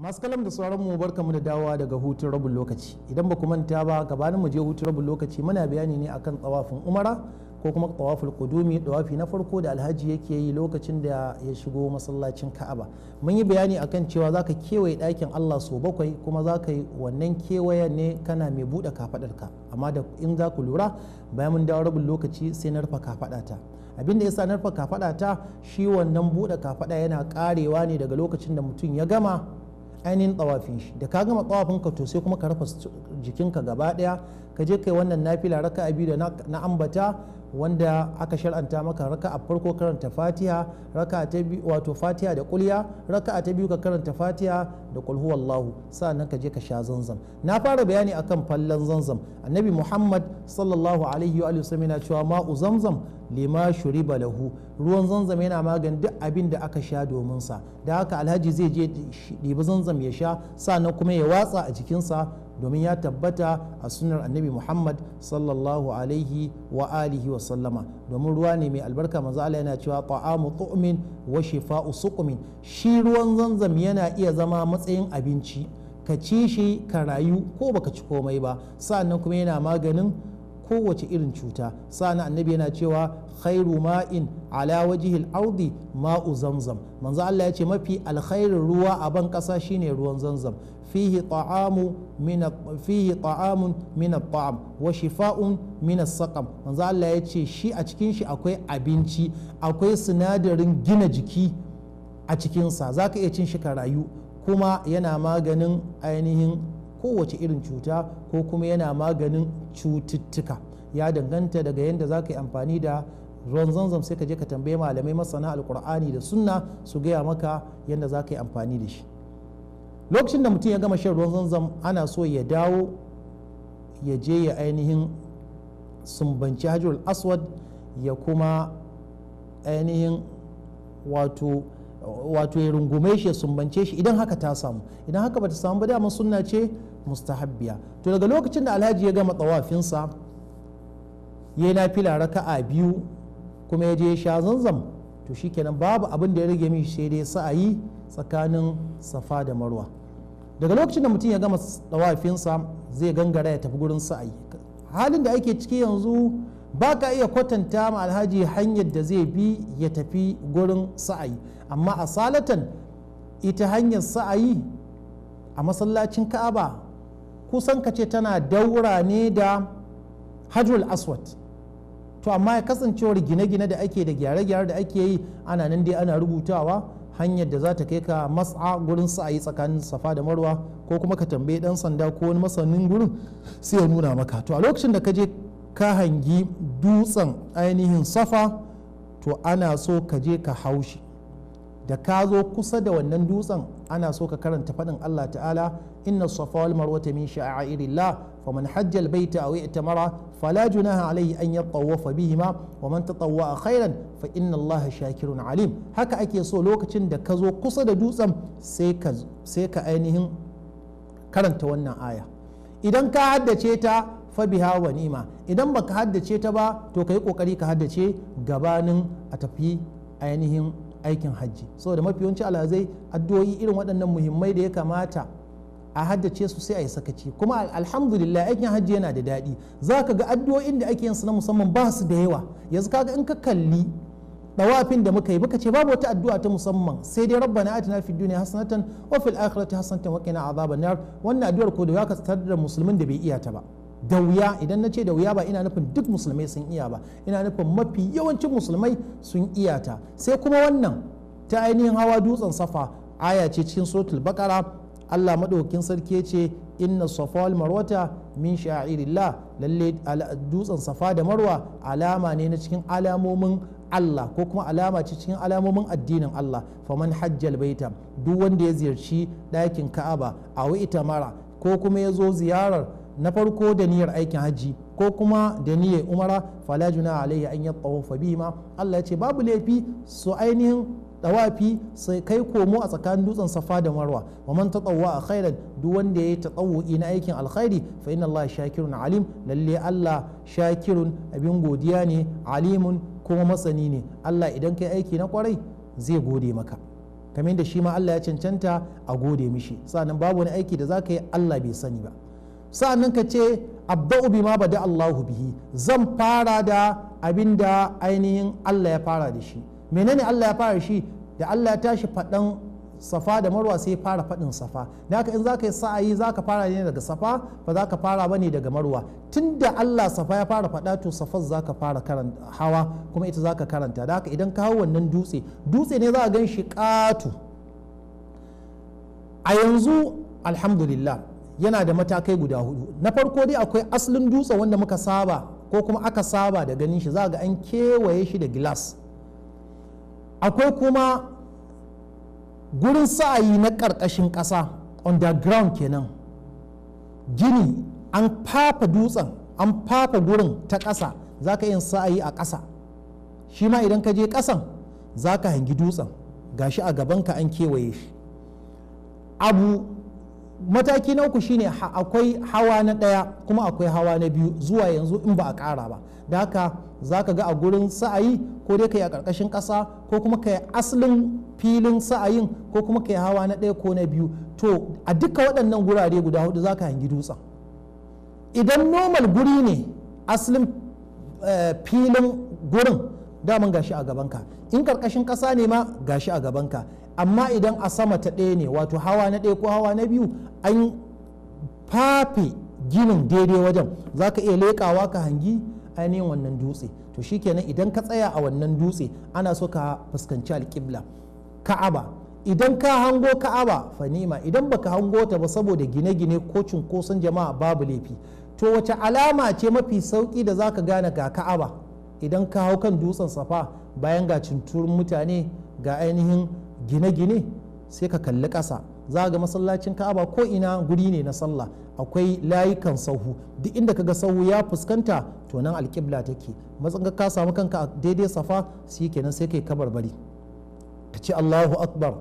masu kalam da sauran mu barka mu da dawowa daga hutun rabin lokaci idan ba ku manta ba gabanin mu je hutun rabin lokaci muna bayani ne akan tsawafin umara ko kuma tsawafin kudumi tsawafi na farko da alhaji yake yi lokacin da ya shigo masallacin ka'aba mun yi bayani akan cewa zaka kewaye ɗakin allah so bakwai kuma zaka yi wannan kewaye ne kana mai buɗe ka amma da in za ku lura bayan mun dawo rabin lokaci sai na rufe kafaɗata da ya sa na rufe kafaɗata shi wannan buɗe kafaɗa yana ƙarewa ne daga lokacin da mutum ya gama ainihin tsawafin shi da ka gama tsawafin ka to sai kuma ka rufe jikinka gaba daya ka je kai wannan nafila a biyu da na ambata wanda aka shar'anta maka a farko karanta fatiha raka ta biyu wato fatiha da kulya raka'a ta biyu ka karanta fatiha da qul huwallahu sa'annan ka je ka sha zanzam na fara bayani akan fallan zanzam annabi muhammad sallallahu alaihi wa sallam yana cewa ma'u zanzam lima shuriba lahu ruwan zanzam yana magan duk abin da aka sha domin sa da haka alhaji zai je ɗiba zanzam ya sha sa'annan kuma ya watsa a jikinsa domin ya tabbata a sunar annabi muhammad sallallahu alaihi wa alihi wa sallama domin ruwa ne mai albarka manzo Allah yana cewa ta'amu tu'min wa shifa'u suqmin shi ruwan zanzam yana iya zama matsayin abinci ka ci shi ka rayu ko baka ci komai ba sa'annan kuma yana maganin kowace irin cuta sa'an annabi yana cewa khairu ma'in ala wajihil ardi ma'u zamzam manzo Allah ya ce mafi alkhairin ruwa a ban kasa shine ruwan zamzam fihi ta'amu min fihi ta'amun min taam wa shifa'un min saqam manzo Allah ya ce shi a cikin shi akwai abinci akwai sinadarin gina jiki a cikinsa zaka iya cin shi ka rayu kuma yana maganin ainihin kowace irin cuta ko kuma yana maganin cututtuka ya danganta daga yadda za ka yi amfani da ruwan zanzam sai ka je ka tambaye malamai masana alkur'ani da sunna su gaya maka yadda za ka yi amfani da shi lokacin da mutum ya gama shan ruwan zanzam ana so ya dawo ya je ya ainihin sumbanci hajjul aswad ya kuma ainihin wato wato ya rungume shi ya sumbance shi idan haka ta samu idan haka bata samu ba dama sunna ce mustahabbiya to daga lokacin da alhaji ya gama tawafinsa ya na fila raka'a biyu kuma ya je ya sha zanzam to shi shikenan babu abin da ya rage mishi sai dai yi tsakanin safa da marwa daga lokacin da mutum ya gama tsawafinsa zai gangara ya tafi gurin sa'ayi halin da ake ciki yanzu ba ka iya kwatanta ma alhaji hanyar da zai bi ya tafi gurin sa'ayi amma a salatan ita hanyar sa'ayi a masallacin ka'aba kusan ka ce tana daura ne da hajjul aswad to amma ya kasancewar gine-gine da ake da gyare-gyare da ake yi ana nan dai ana rubutawa hanyar da za ta kai ka matsa gurin sa'ayi tsakanin safa da marwa ko kuma ka tambayi dan sanda ko wani masanin gurin sai ya nuna maka to a lokacin da ka je ka hangi dutsen ainihin safa to ana so ka je ka haushi da ka zo kusa da wannan dutsen ana so ka karanta faɗin Allah ta'ala inna safa wal marwata min sha'airillah fa hajjal baita aw i'tamara fala junaha alayhi an yatawafa bihima wa man tatawwa khairan fa inna Allah shakirun alim haka ake so lokacin da ka zo kusa da dutsen sai ka sai ka ainihin karanta wannan aya idan ka haddace ta fabiha wa ni'ma idan baka haddace ta ba to kai kokari ka haddace gabanin a tafi ainihin aikin hajji saboda mafi yawanci alhazai addu'o'i irin waɗannan muhimmai da ya kamata a haddace su sai a yi sakaci kuma alhamdulillah aikin hajji yana da daɗi za ka ga addu'o'in da ake yin su na musamman ba su da yawa yanzu kaga in ka kalli dawafin da muka yi muka ce babu wata addu'a ta musamman sai dai rabbana atina fid dunya hasanatan wa fil akhirati hasanatan wa qina azaban nar wannan addu'ar ko da ka tsare da musulmin da bai iya ta ba da wuya idan na ce da wuya ba ina nufin duk musulmai sun iya ba ina nufin mafi yawancin musulmai sun iya ta sai kuma wannan ta ainihin hawa dutsen safa aya ce cikin sotul bakara Allah madaukakin sarki ya ce inna safa wal marwata min sha'irillah lalle dutsen safa da marwa alama ne na cikin alamomin Allah ko kuma alama ce cikin alamomin addinin Allah faman hajjal baita duk wanda ya ziyarci ɗakin Ka'aba a ita mara ko kuma ya zo ziyarar na farko da niyyar aikin hajji ko kuma da niyyar umara fala juna alaihi an yi tawafa ma Allah ya ce babu laifi su ainihin tawafi sai kai komo a tsakanin dutsen safa da marwa wa man tsawo a khairan duk wanda ya yi ta tatawwu'i na aikin alkhairi fa inna Allah shakirun alim lalle Allah shakirun abin godiya ne alimun kuma masani ne Allah idan kai aiki na kwarai zai gode maka kamin da shi ma Allah ya cancanta a gode mishi sannan babu wani aiki da za ka yi Allah bai sani ba sa'annan ka ce Abba abba'u ba da Allahu bihi zan fara da abin da ainihin Allah ya fara da shi menene Allah ya fara shi da Allah ya tashi faɗan safa da marwa sai fara faɗin safa da haka in za ka yi sa'ayi za ka fara ne daga safa ba za ka fara ba ne daga marwa tun da Allah safa ya fara faɗa to safar za ka fara hawa kuma ita zaka karanta da haka idan ka hau wannan dutse dutse ne za a gan shi katu a yanzu alhamdulillah yana da matakai guda hudu na farko dai akwai asalin dutse wanda muka saba ko kuma aka saba da ganin shi za ga an kewaye shi da gilas akwai kuma gurin sa'ayi na ƙarƙashin ƙasa underground kenan gini an fafa dutsen an fafa gurin ta ƙasa za ka yin sa'ayi a ƙasa shi ma idan ka je ƙasan za ka hangi dutsen Ga shi a gabanka an kewaye shi abu mataki na uku shine akwai hawa na ɗaya kuma akwai hawa na biyu zuwa yanzu in ba a ƙara ba da haka za ka ga a gurin sa'ayi ko dai ka yi a ƙarƙashin ƙasa ko kuma ka yi asalin filin sa'ayin ko kuma ka yi hawa na ɗaya ko na biyu to a duka waɗannan gurare guda hudu za ka hangi dutsen idan normal guri ne asalin eh, filin gurin daman gashi a gabanka in ƙarƙashin ƙasa ne ma gashi a gabanka amma idan a sama ta ɗaya ne wato hawa na ɗaya ko hawa na biyu an fafe ginin daidai wajen za ka iya lekawa ka hangi ainihin wannan dutse to shikenan idan ka tsaya a wannan dutse ana so ka fuskanci alƙibla ka'aba idan ka hango ka'aba fanima idan baka hango ta ba saboda gine-gine ko cunkoson jama'a babu laifi to wace alama ce mafi sauki da za ka gane ga ka'aba idan ka hau kan dutsen safa bayan ga cinturin mutane ga ainihin gine-gine sai ka kalli ƙasa za ga masallacin ka'aba ko ina guri ne na sallah akwai layukan sahu duk inda kaga sahu ya fuskanta to nan alƙibla take matsan ka samu kanka a daidai safa shi kenan sai kai kabarbari ka ce allahu akbar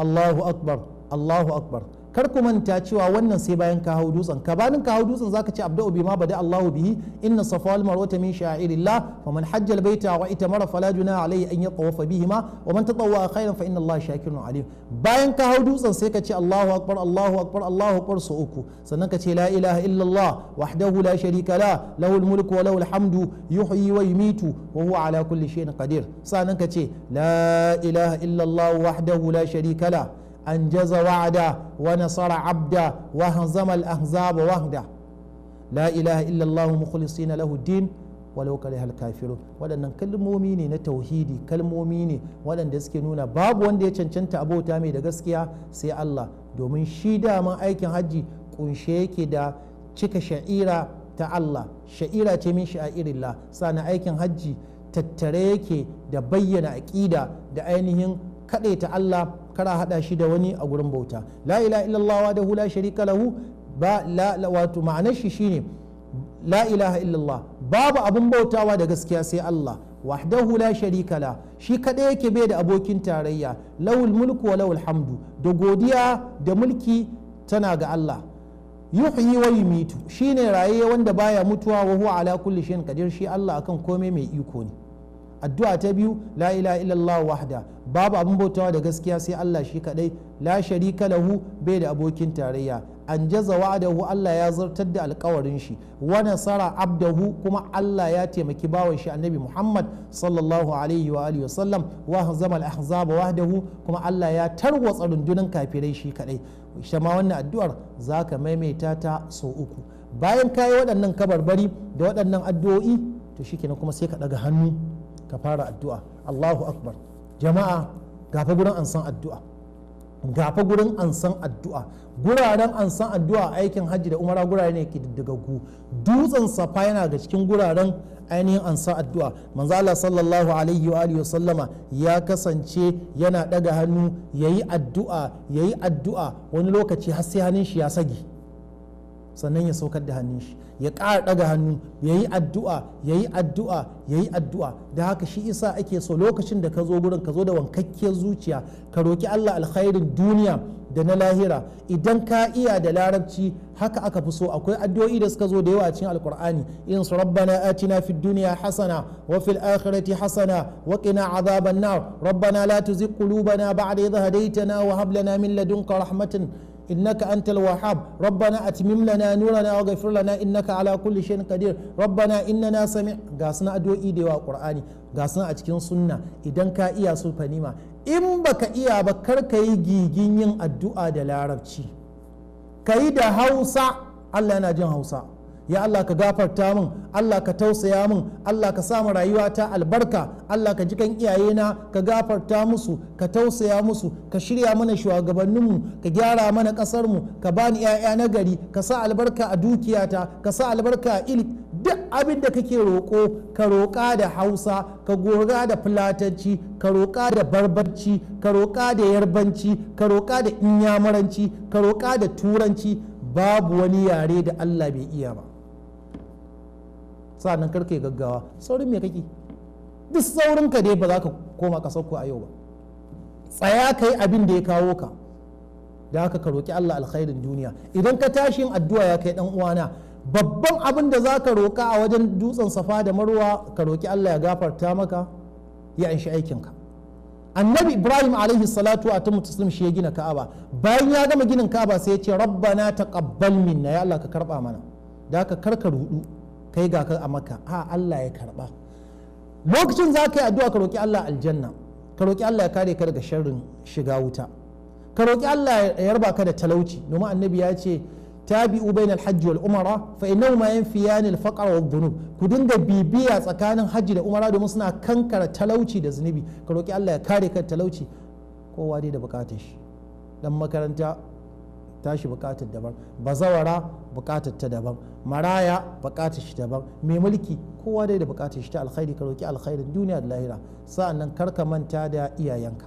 allahu akbar Allahu akbar kar ku manta cewa wannan sai bayan ka hau dutsen ka banin ka hau dutsen zaka ce abda'u bima bada Allahu bihi inna safa wal marwa min sha'irillah fa man hajjal baita wa itamara fala juna alayhi an yatawafa bihima wa man tatawwa khairan fa inna Allah shakirun alim bayan ka hau dutsen sai ka ce Allahu akbar Allahu akbar Allahu akbar su uku sannan ka ce la ilaha illallah wahdahu la sharika la lahu mulku wa lahu hamdu yuhyi wa yumitu wa huwa ala kulli shay'in qadir sannan ka ce la ilaha illallah wahdahu la sharika la أنجز وعده ونصر عبده وهزم الأحزاب وحده لا إله إلا الله مخلصين له الدين walau karihal kafirun waɗannan kalmomi ne na tauhidi kalmomi ne waɗanda suke nuna babu wanda ya cancanta abota mai da gaskiya sai Allah domin shi daman aikin hajji kunshe yake da cika sha'ira ta Allah sha'ira ce min sha'irillah sana aikin hajji tattare yake da bayyana aƙida da ainihin ta Allah kara hada shi da wani a gurin bauta la ilaha illallah sharika lahu ba la wato ma'anar shi shine la ilaha illallah babu abun bautawa da gaskiya sai Allah wahdahu la sharika la shi kadai yake bai da abokin tarayya lawul mulku wa lawul hamdu da godiya da mulki tana ga Allah yuhyi wa yumitu shine raye wanda baya mutuwa wa huwa ala kulli shay'in qadir shi Allah akan komai mai iko ne addu'a ta biyu la ilaha illallah wahda babu abin bautawa da gaskiya sai Allah shi kadai la sharika lahu bai da abokin tarayya an jaza wa'adahu Allah ya zartar da alkawarin shi wa nasara abdahu kuma Allah ya taimaki bawan shi annabi Muhammad sallallahu alaihi wa alihi wasallam wa al-ahzab wahdahu kuma Allah ya tarwatsa rundunan kafirai shi kadai shama wannan addu'ar zaka maimaita ta sau uku bayan kayi waɗannan kabarbari da waɗannan addu'o'i to shikenan kuma sai ka ɗaga hannu ka fara addu'a Allahu akbar jama'a gafa gurin an san addu'a gafa gurin an addu'a guraren an san addu'a aikin hajji da umara gurare ne ke kididdigaggu dutsen safa yana ga cikin guraren ainihin an san addu'a manzo Allah sallallahu alaihi wa alihi sallama ya kasance yana daga hannu yayi addu'a yayi addu'a wani lokaci har sai hannun shi ya sagi sannan ya saukar da hannun shi ya ƙara ɗaga hannu ya yi addu'a ya yi addu'a ya yi addu'a da haka shi isa ake so lokacin da ka zo gurin ka zo da wankakkiyar zuciya ka roki Allah alkhairin duniya da na lahira idan ka iya da larabci haka aka fi so akwai addu'o'i da suka zo da yawa a cikin alkur'ani in su rabbana atina fid duniya hasana wa fil akhirati hasana wa qina azaban nar rabbana la tuzigh qulubana ba'da idh hadaytana wa hab lana min ladunka rahmatan إنك أنت الوهاب ربنا أتمم لنا نورنا واغفر لنا إنك على كل شيء قدير ربنا إننا سمع غاسنا أدو إيدي وقرآني غاسنا أتكين سنة إذن كا إيا سلطانيما إن بك إيا بكر كي جيجين الدعاء دلاربشي كي دا هوسا الله نجن هوسا ya Allah ka gafarta min Allah ka tausaya min Allah ka sa rayuwa ta albarka Allah ka jikan iyayena ka gafarta musu ka tausaya musu ka shirya mana shugabanninmu ka gyara mana kasar mu ka bani 'ya'ya na gari ka sa albarka a dukiyata ka sa albarka a ilik duk abin da kake roƙo ka roƙa da hausa ka gora da fulatanci ka roƙa da barbarci ka roƙa da yarbanci ka roƙa da inyamuranci ka roƙa da turanci babu wani yare da allah bai iya ba sa'annan karka gaggawa saurin me kake duk saurin ka dai ba za ka koma ka sauko a yau ba tsaya ka yi abin da ya kawo ka da haka ka roki Allah alkhairin duniya idan ka tashin addu'a ya kai dan uwana babban abin da za ka roka a wajen dutsen safa da marwa ka roki Allah ya gafarta maka ya anshi ka annabi ibrahim alaihi salatu wa taslim shi ya gina ka'aba bayan ya gama ginin ka'aba sai ya ce rabbana taqabbal minna ya Allah ka karba mana da haka karka rudu kai ga ka a maka ha Allah ya karba lokacin za ka yi addu'a ka roƙi Allah aljanna ka roƙi Allah ya kare ka daga sharrin shiga wuta ka roƙi Allah ya yarba ka da talauci domin annabi ya ce tabi'u bainal hajji wal umara fa innahu ma yanfiyani al faqr wa dhunub ku dinga bibiya tsakanin hajji da umara domin suna kankara talauci da zunubi ka roƙi Allah ya kare ka talauci kowa dai da bukatar shi dan makaranta tashi bukatar daban bazawara bukatar ta daban maraya bukatar shi daban mai mulki kowa dai da bukatar shi ta alkhairi ka roki alkhairin duniya da lahira sa'annan kar ka manta da iyayenka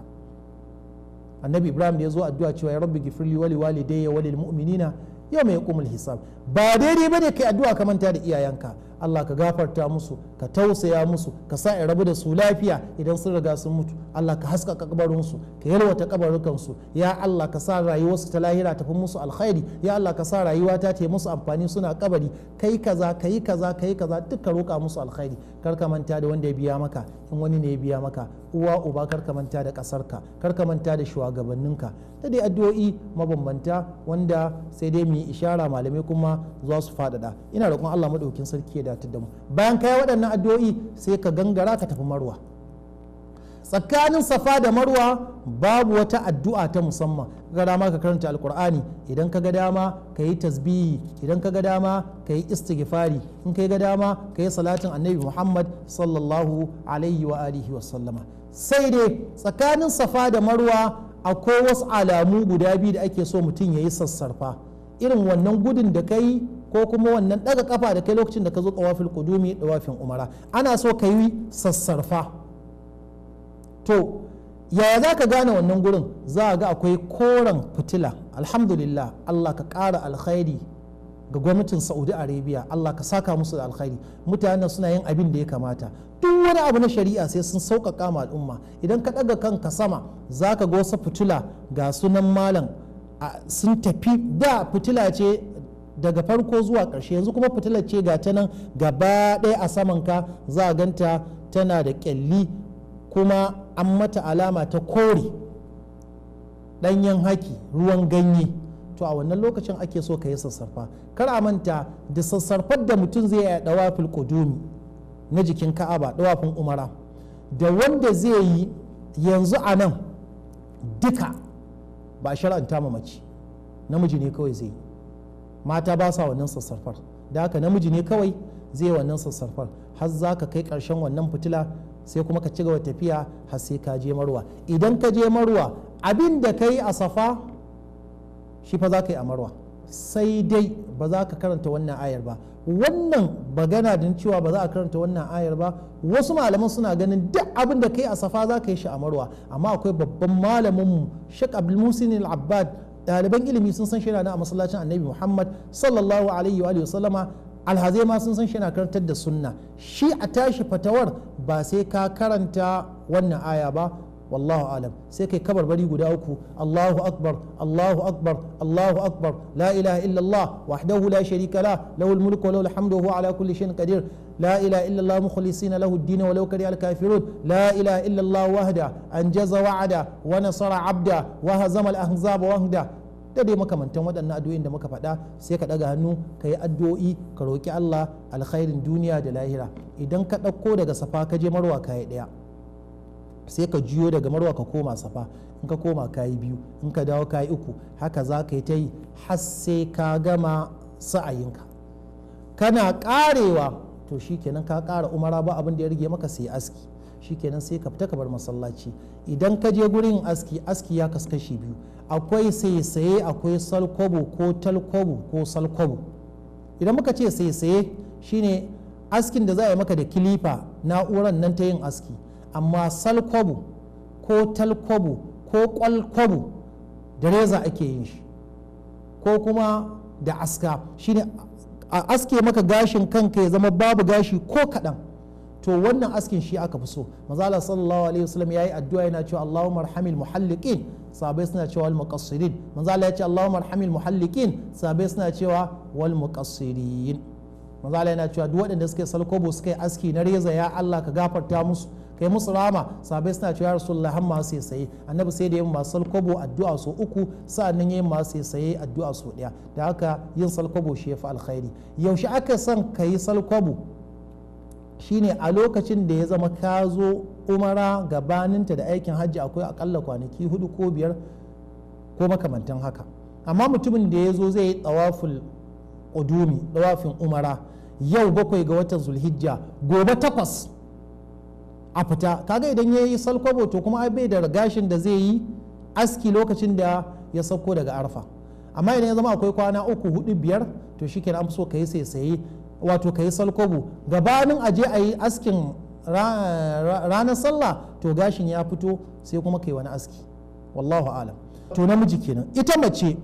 annabi ibrahim da ya zo addu'a cewa ya rabbi gifirli wali walidayya walil mu'minina yau mai kumul hisab ba daidai bane kai addu'a ka manta da iyayenka Allah ka gafarta musu ka tausaya musu ka sa rabu da su lafiya idan sun riga sun mutu Allah ka haska kabarinsu ka yalwata kabarukansu ya Allah ka sa rayuwarsu ta lahira tafi musu alkhairi ya Allah ka sa rayuwa ta ta musu amfani suna kabari kai kaza kai kaza kai kaza duk ka roka musu alkhairi kar ka manta da wanda ya biya maka in wani ne ya biya maka uwa uba kar ka manta da kasarka kar ka manta da shugabanninka ta dai addu'o'i mabambanta wanda sai dai mu yi ishara malamai kuma za su faɗaɗa ina roƙon Allah madaukin sarki da mu bayan kai waɗannan addu'o'i sai ka gangara ka tafi marwa tsakanin safa da marwa babu wata addu'a ta musamman ga dama ka karanta alkur'ani idan ka ga dama ka yi tasbihi idan ka ga dama ka yi istighfari in ka ga dama ka yi salatin annabi muhammad sallallahu alaihi wa alihi wa sallama sai dai tsakanin safa da marwa akwai wasu alamu guda biyu da ake so mutum ya yi sassarfa irin wannan gudun da ka ko kuma wannan daga kafa da kai lokacin da ka zo kudumi da wafin umara ana so ka yi sassarfa to yaya za ka gane wannan gurin za a ga akwai koren fitila alhamdulillah Allah ka kara alkhairi ga gwamnatin saudi arabia allah ka saka musu da alkhairi mutanen suna yin abin da ya kamata duk wani abu na shari'a sai sun sauƙaƙa ma al'umma idan ka ɗaga kanka sama za ka ga wasu fitila ga sunan malam sun tafi da fitila ce daga farko zuwa ƙarshe yanzu kuma fitilar ce ga ta nan gaba ɗaya a samanka za a ganta tana da ƙyalli kuma an mata alama ta kore ɗanyen haki ruwan ganye to a wannan lokacin ake so ka yi sassarfa kar a manta da sassarfar da mutum zai yi dawafil kudumi na jikin ka'aba dawafin umara da wanda zai yi yanzu a nan duka ba shara'anta mace namiji ne kawai zai yi mata ba sa wannan sassarfar da haka namiji ne kawai zai wannan sassarfar har za ka kai karshen wannan fitila sai kuma ka ci gaba tafiya har sai ka je marwa idan ka je marwa abin da ka yi a safa shi fa za ka yi a marwa sai dai ba za ka karanta wannan ayar ba wannan bagana din cewa ba za a karanta wannan ayar ba wasu malaman suna ganin duk abin da kai a safa za ka yi shi a marwa amma akwai babban malamin mu shek abdulmusin al-abbad ɗaliban ilimi sun san shi a masallacin annabi muhammad sallallahu alaihi wa sallama alhazai ma sun san shi yana karantar da sunna shi a tashi fatawar ba sai ka karanta wannan aya ba wallahu alam sai ka kai bari guda uku Allahu akbar Allahu akbar Allahu akbar la ilaha illallah wahdahu la sharika la lahul wa lahul hamdu huwa ala kulli shay'in qadir لا إله إلا الله مخلصين له الدين ولو كره الكافرون لا إله إلا الله وحده أنجز وعده ونصر عبده وهزم الأحزاب وحده da dai makamantan waɗannan addu'o'in da muka faɗa sai ka ɗaga hannu ka yi addu'o'i ka roki Allah alkhairin duniya da lahira idan ka ɗauko daga safa ka je marwa ka yi ɗaya sai ka juyo daga marwa ka koma safa in ka koma kayi biyu in ka dawo kayi uku haka za ka yi ta yi har sai ka gama sa'ayinka kana karewa to shikenan ka kara umara ba abin da ya rage maka sai aski shikenan sai ka fita ka bar masallaci idan ka je gurin aski aski ya kaskashi biyu akwai sai saye akwai salkobo ko talkobo ko salkobo idan muka ce sai saye shine askin da za a yi maka da kilifa na'urar nan ta yin aski amma salkwabu ko talkwabu ko kwalkwabu da reza ake yin shi ko kuma da aska shine a aske maka gashin kanka ya zama babu gashi ko kaɗan to wannan askin shi aka fi so mazala sallallahu alaihi wasallam yayi addu'a yana cewa Allahumma marhamil muhalliqin sahabbai suna cewa wal muqassirin mazala ya ce Allahumma arhamil muhalliqin sahabbai suna cewa wal muqassirin mazala yana cewa duk waɗanda suka yi salkobo suka yi aski na reza ya Allah ka gafarta musu kai musu rama sabai suna cewa rasulullah har masu saye annabi sai da yin masu salkwabo addu'a so uku sa'annan yin masu saye addu'a so daya da haka yin salkobo shi ya fi alkhairi yaushe aka san ka yi shi shine a lokacin da ya zama ka zo umara gabaninta da aikin hajji akwai akalla kwanaki hudu ko biyar ko makamantan haka amma mutumin da ya zo zai yi tsawaful udumi tsawafin umara yau bakwai ga watan zulhijja gobe takwas a fita kaga idan ya yi salkwabo to kuma bai da gashin da zai yi aski lokacin da ya sauko daga arfa amma idan ya zama akwai kwana uku hudu biyar to shi kenan so ka yi sai wato ka yi salkwabo gabanin aje a yi askin ranar sallah to gashin ya fito sai kuma ka yi wani aski wallahu alam to namiji kenan ita mace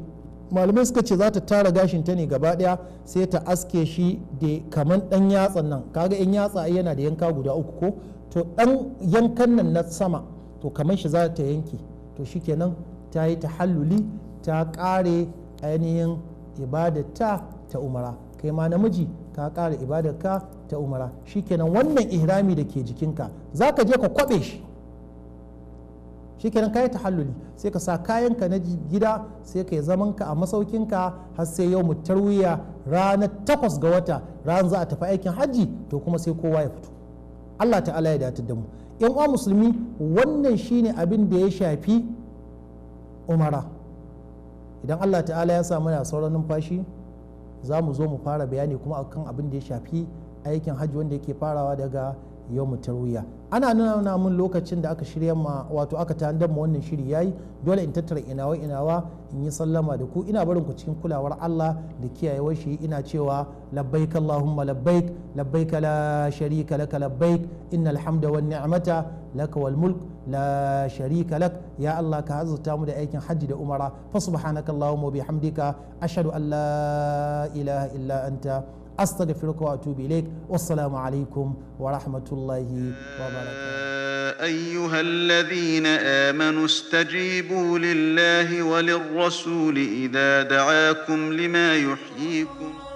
malamai suka ce za ta tara gashin ta ne gaba daya sai ta aske shi da kaman dan yatsan nan kaga 'yan yatsa yana da yanka guda uku ko to dan yankan nan na sama to kamar shi za ta yanke to shikenan ta yi halluli ta kare ainihin ibadata ta umara kai ma namiji ka kare ibadarka ta umara shikenan wannan ihrami da ke jikinka za ka je ka kwabe shi shikenan kayi tahalluli sai ka sa kayanka na gida sai ka yi zamanka a masaukinka har sai yau mu tarwiya ranar takwas ga wata ranar za a tafi aikin hajji to kuma sai kowa ya fito Allah ta'ala ya datar da mu yan uwa musulmi wannan shine abin da ya shafi umara idan Allah ta'ala ya samu na sauran numfashi za mu zo mu fara bayani kuma akan abin da ya shafi aikin hajji wanda yake farawa daga yawmu tarwiya ana nuna mun lokacin da aka shirya ma wato aka tandar ma wannan shiri yayi dole in tattara inawa inawa in yi sallama da ku ina barin ku cikin kulawar Allah da kiyayewar shi ina cewa labbaik Allahumma labbaik labbaik la sharika lak labbaik innal hamda wan ni'mata lak wal mulk la sharika lak ya Allah ka hazata mu da aikin hajji da umara fa subhanakallahumma wa bihamdika ashhadu an la ilaha illa anta أستغفرك وأتوب إليك والسلام عليكم ورحمة الله وبركاته أيها الذين آمنوا استجيبوا لله وللرسول إذا دعاكم لما يحييكم